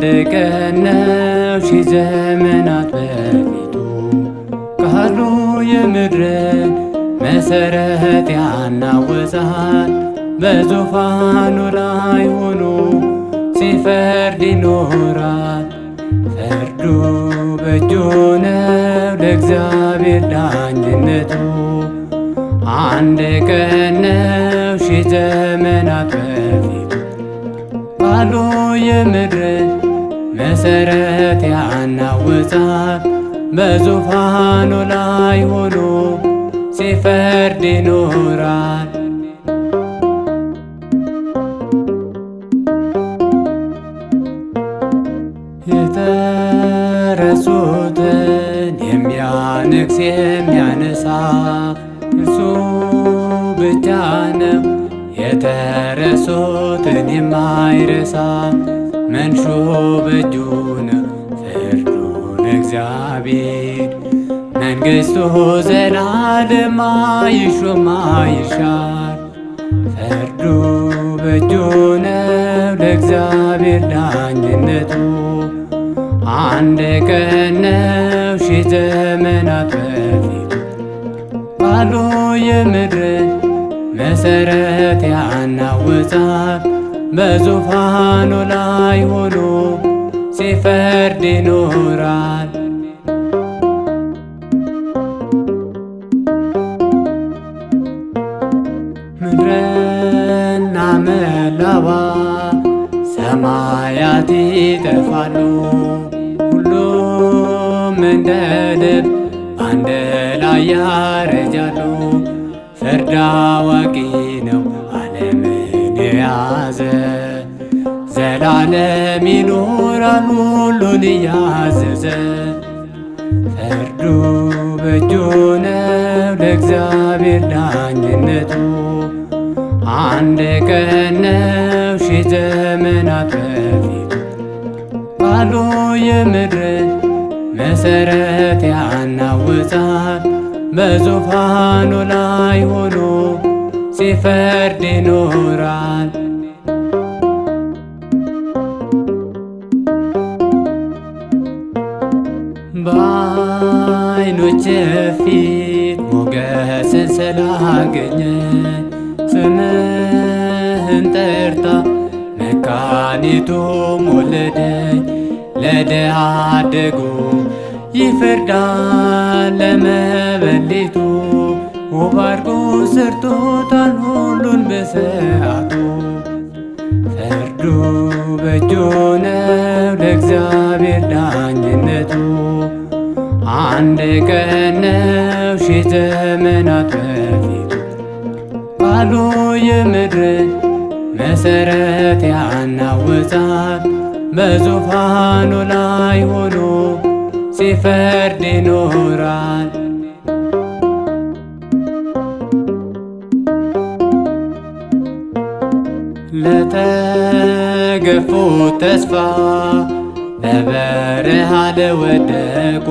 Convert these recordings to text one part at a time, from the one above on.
አንድ ቀን ነው ሺህ ዘመናት በፊቱ ካሉ የምድርን መሰረት ያናወጻል በዙፋኑ ላይ ሆኖ ሲፈርድ ይኖራል። ፍርዱ በእጁ ነው ለእግዚአብሔር ዳኝነቱ። አንድ ቀን ነው ሺህ ዘመናት በፊቱ ካሉ የምድርን መሰረት ያናውጻል በዙፋኑ ላይ ሆኖ ሲፈርድ ይኖራል። የተረሱትን የሚያነግስ የሚያነሳ እርሱ ብቻ ነው። የተረሱትን የማይረሳ መንሾ በእጁ ነው ፍርዱን እግዚአብሔር መንግሥቱ ዘላለም አይሾም አይሻር ፍርዱ በእጁ ነው ለእግዚአብሔር ዳኝነቱ አንድ ቀን ነው ሺህ ዘመናት በፊቱ ባሉ የምድር መሠረት ያናወጻል በዙፋኑ ላይ ሆኖ ሲፈርድ ይኖራል። ምድርና መላዋ ሰማያት ይጠፋሉ፣ ሁሉም እንደ ልብ አንድ ላይ ያረጃሉ። ፍርድ አዋቂ ለዓለም ይኖራል ሁሉን እያዘዘ ፍርዱ በእጁ ነው ለእግዚአብሔር ዳኝነቱ አንድ ቀን ነው ዘመናት በፊቱ ባሉ የምድር መሰረት ያናውጻል በዙፋኑ ላይ ሆኖ ሲፈርድ ይኖራል በአንቺ ፊት ሞገስን ስላገኘ ስምህን ጠርታ መካኒቱም ወለደኝ። ለድሃ አደጉ ይፈርዳል ለመበሊቱ ውብ አድርጎ ሰርቶታል ሁሉን በሰዓቱ ፍርዱ በእጁ ነው ለእግዚአብሔር ዳኝነቱ አንድ ቀን ነው ዘመናት በፊት ባሉ የምድር መሰረት ያናውጣል በዙፋኑ ላይ ሆኖ ሲፈርድ ይኖራል። ለተገፉት ተስፋ በበረሃ ለወደቁ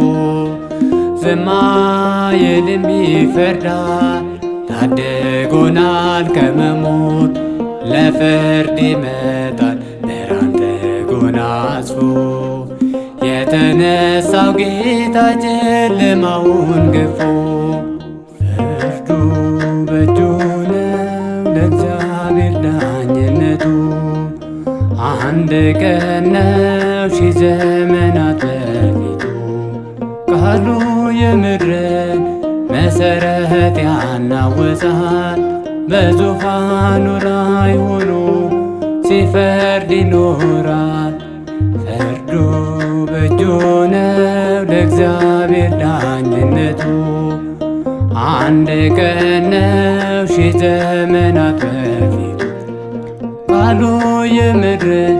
የሰማይንም ይፈርዳል ታድጎናል ከመሞት ለፍርድ ይመጣል ብርሃን ተጎናጽፎ የተነሳው ጌታ ጨለማውን ገፎ ፍርዱ በእጁ ነው ለእግዚአብሔር ዳኝነቱ አንድ ቀን ነው ሺህ ዘመናት በፊቱ ባህሉ የምድርን መሰረት ያናውፃል። በዙፋኑ ላይ ሆኖ ሲፈርድ ይኖራል። ፍርዱ በእጁ ነው ለእግዚአብሔር ዳኝነቱ አንድ ቀን ነው ሺህ ዘመናት በፊቱ ቃሉ የምድርን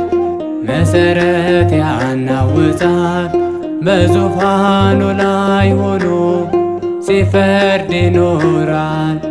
መሰረት ያናውፃል በዙፋኑ ላይ ሆኖ ሲፈርድ ይኖራል።